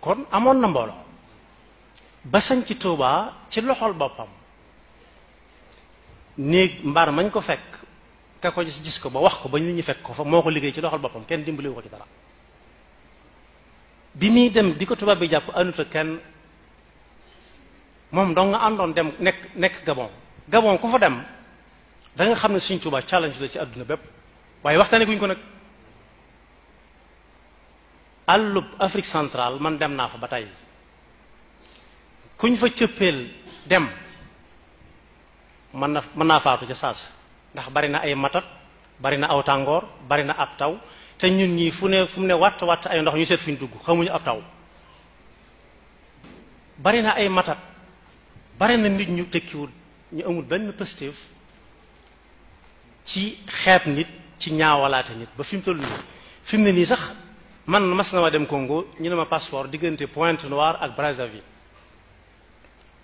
kon amon na mbolo ba sañ ci toba ci loxol bopam neeg mbar mañ ko fekk ka ko gis ko ba wax ko ba nit ñi fekk ko fa moko liggey ci loxol bopam kenn dimbali ko ci dara bi mi dem diko toba tubaab bi jàpp anuta kenn moom dong nga andon dem nek nek gabon gabon ku fa dem da nga xamne seigne touba challenge la ci aduna bepp waye waxtane guñ ko nak àllub Afrique centrale man dem naa fa ba tey kuñ fa cëppeel dem mën na mën naa faatu ca saas ndax bari na ay matat bari na aw tàngoor bari na ab taw te ñun ñii fu ne mu ne wàtt wàtt ay ndox ñu seet fi ñu dugg xamuñu ab taw bari na ay matat bari na nit ñu tekkiwul ñu amul benn positif ci xeeb nit ci ñaawalaate nit ba fi mu toll nii fi ne nii sax man mas na ma dem Congo ñu ne ma passeport diggante Pointe Noire ak Brazzaville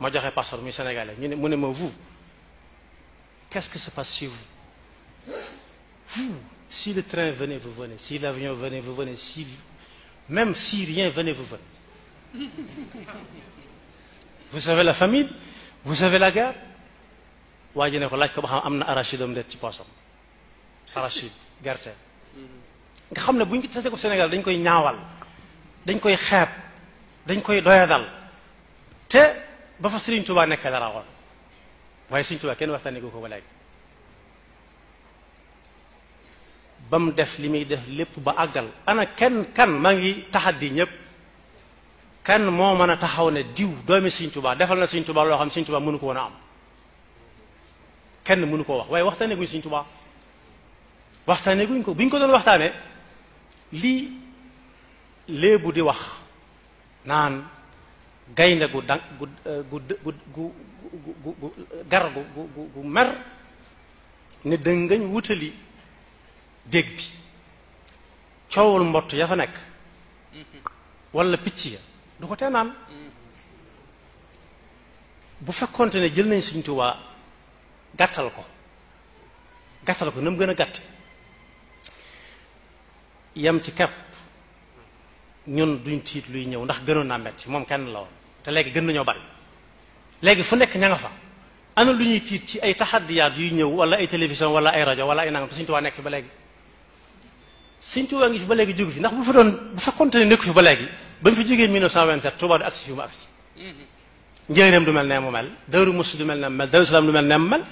ma joxé passeport mi sénégalais ñu ne mu ne ma vous qu'est-ce que se passe chez vous vous si le train venait vous venez si l'avion venait vous venez si même si rien venait vous venez vous savez la famille, vous savez la guerre Vous ji ko laaj ko ba xam am na arachide ci nga xam ne bu ñu tasee ko Sénégal dañ koy ñaawal dañ koy xeeb dañ koy doyadal te ba fa Serigne Touba nekk dara woon waaye Serigne kenn waxtaanee ko ba léegi ba mu def li muy def lépp ba àggal ana kenn kan maa ngi taxaddi ñëpp kan moo mën a taxaw ne diw doomi Serigne Touba defal na Serigne Touba loo xam Serigne Touba mënu ko woon a am kenn mënu koo wax waaye waxtaanee guñ Serigne Touba waxtaanee ko buñ ko doon waxtaanee. lii léebu di wax naan gaynde gu dan euh, gu gu gu gu gu gar gu gu gu mer ne dëngañ wutali dég bi coowul mbott ya fa nekk walla picc ya du ko tee naan bu fekkonte ne jël nañ suñ tubaa gàttal ko gàttal ko na mu gën a gàtt yem ci kepp ñun duñ tiit luy ñëw ndax gënoon naa metti moom kenn la te léegi gën nañoo bari léegi fu nekk ña nga fa ana lu ñuy tiit ci ay taxaddiyaat yuy ñëw wala ay télévision wala ay rajo wala ay nangam te Sëñ Tuubaa nekk fi ba léegi Sëñ Tuubaa ngi fi ba léegi jógu fi ndax bu fa doon bu fa continué nekku fi ba léegi ba mu fi jógee 1927 Tuubaa du agsi fi mu agsi njëriñam du mel ne mu mel Daaru Musti du mel ne mu mel Daaru Salaam du mel ne mu mel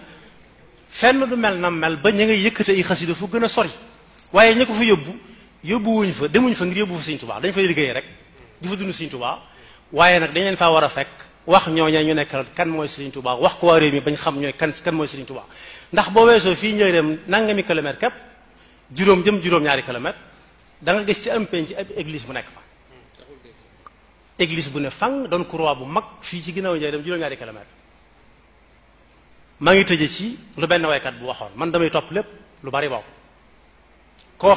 fenn du mel na mel ba ñu nga yëkkate ay xasida fu gën a sori waaye ñu ko fa yóbbu yóbbuwuñ fa demuñ fa ngir yóbbu fa Sëriñ Tuubaa dañ fay liggéey rek di fa dund Sëriñ Tuubaa waaye nag dañ leen faa war a fekk wax ñooña ñu nekk kan mooy Sëriñ Tuubaa wax ko waa réew bañ xam ñoo kan kan mooy Sëriñ Tuubaa ndax boo weesoo fii njëreem nangami kilomètre képp juróom jëm juróom-ñaari kilomètre da gis ci am penc ci ab église bu nekk fa bu ne fang doon croix bu mag fii ci ginnaaw njëriñ dem juróom-ñaari kilomètre maa ngi tëje ci lu benn waykat bu waxoon man damay topp lépp lu bari bokk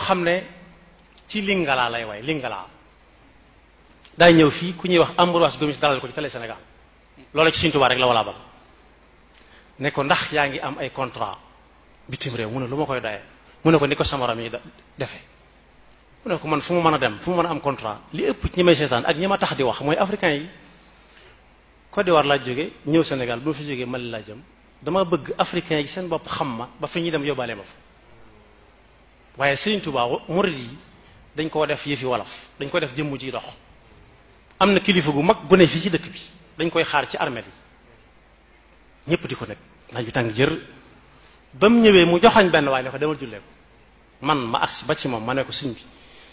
xam ne ci lingala lay way lingala da ñëw fi ku ñuy wax Ambroise Gomis dalal ko ci télé Sénégal loolu ci sintouba rek la wala ba ne ko ndax yaangi am ay contrat bitim rew mu ne luma koy daye mu ne ko niko ko samaram defé mu ne ko man fu mu mën dem fu mu mën am contrat li ëpp ci may seetaan ak ñima tax di wax moy africain yi ko di war la joggé ñëw Sénégal bu fi joggé mal la jëm dama bëgg africain yi seen bop xam ma ba fi ñi dem yobalé ma fa waye serigne touba mouride yi dañ ko def yëfi wolof dañ ko def jëm ji dox amna kilifa gu mag gune fi ci dëkk bi dañ koy xaar ci armée bi ñëpp diko nak na naaj tàng jër bam ñëwé mu joxañ ben way ne ko demal jullee ko man ma ax ba ci mom mané ko suñ bi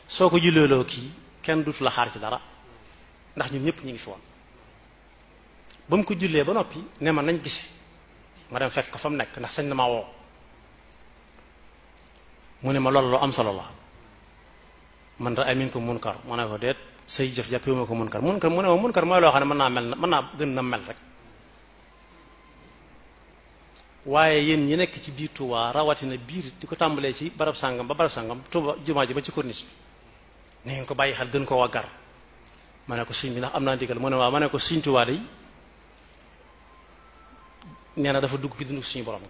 soko ko julleeloo kii kenn duutu la xaar ci dara ndax ñun ñëpp ñi ngi fi woon bam ko jullee ba nopi ne ma nañ gise ma dem fekk ko fa mu ndax sañ na ma wo mu ne ma lolou am solo la man ra aminkum munkar mu ne ko déet say jëf jàppewuma ko munkar munkar mu ne ma munkar mooy lo xam man na mel man na gën na mel rek waye yeen ñi nek ci biir rawati rawatina biir diko ko ci barab sangam ba barab sangam tuba juma ji ba ci corniche ne ni ngeen ko bayyi xal gën ko wagar mané ko sëñ bi ndax am naa ne ko tuwa day neena dafa dugg ci suñu borom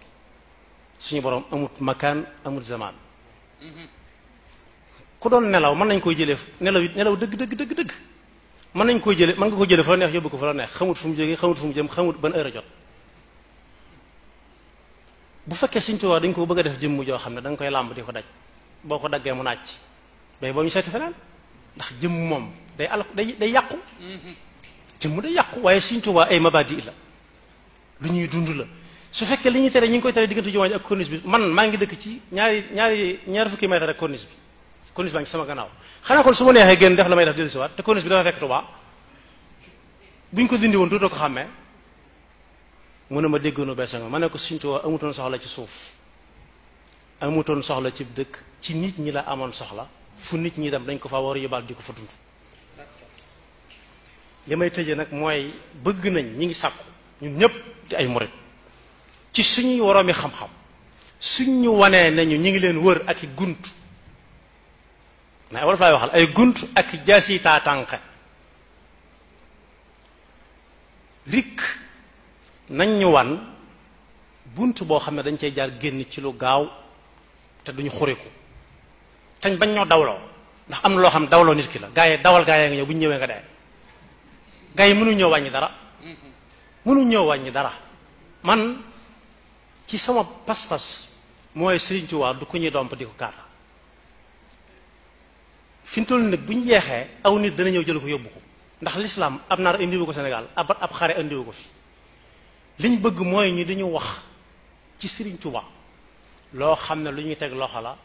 suñu borom amut makan amut zaman ku doon nelaw man nañ koy jëlee nelaw nelaw dëgg dëgg dëgg dëgg man nañ koy jëlee man nga ko jëlee fa la neex yóbbu ko fa la neex xamut fu mu jógee xamut fu mu jëm xamut ban heure jot bu fekkee suñ tuwaa dañ ko bëgg a def jëmm joo xam ne da nga koy làmb di ko daj boo ko daggee mu naaj bay boo ñu seeti feneen ndax jëm moom day al day day yàqu jëmm day yàqu waaye suñ tuwaa ay mabadi la lu ñuy dund la su fekkee li ñuy tere ñu ngi koy tere diggante jumaa ak cornice bi man maa ngi dëkk ci ñaari ñaari ñaar fukki mètre ak cornice bi corniche baa ngi sama gannaaw xanaa kon su ma neexee génn def la may def dellu si waat te corniche bi dafa fekk Tuubaa bu ñu ko dindi woon dootoo ko xàmmee mu ne ma déggoonu beesa nga ma ne ko Sëriñ Tuubaa amutoon soxla ci suuf amutoon soxla ci dëkk ci nit ñi la amoon soxla fu nit ñi dem dañ ko fa war a di ko fa dund li may tëje nag mooy bëgg nañ ñi ngi sàkku ñun ñëpp di ay murit ci suñuy woroomi xam-xam suñ ñu wanee nañu ñu ngi leen wër ak i gunt mais wolof laay waxal ay gunt ak jaasi tànk rikk nañ ñu wan bunt boo xam ne dañ cey jaar génn ci lu gaaw te duñu xuriku tañ bañ ñoo dawloo ndax am na loo xam dawloo nit ki la gaa yi dawal gaa yi nga ñëw bu ñu ñëwee nga dee gaa yi mënu ñëw wàññi dara mënu ñëw wàññi dara man ci sama pas-pas mooy Sëriñ Tuubaa du ku ñuy domp di ko kaata fi ñu toll nag bu ñu jeexee aw nit dana ñëw jël ko yóbbu ko ndax lislaam ab naar indiwu ko Sénégal ab ab xare indiwu ko fi liñ bëgg mooy ñu di wax ci Serigne Touba loo xam ne lu ñuy teg loxo la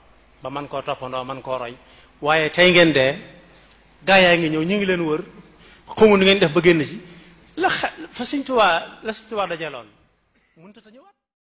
ba man koo toppandoo man koo roy waaye tey ngeen dee gaa yaa ngi ñëw ñu ngi leen wër xamu nu ngeen def ba génn ci la fa Serigne Touba la Serigne Touba dajaloon mënut a ñëwaat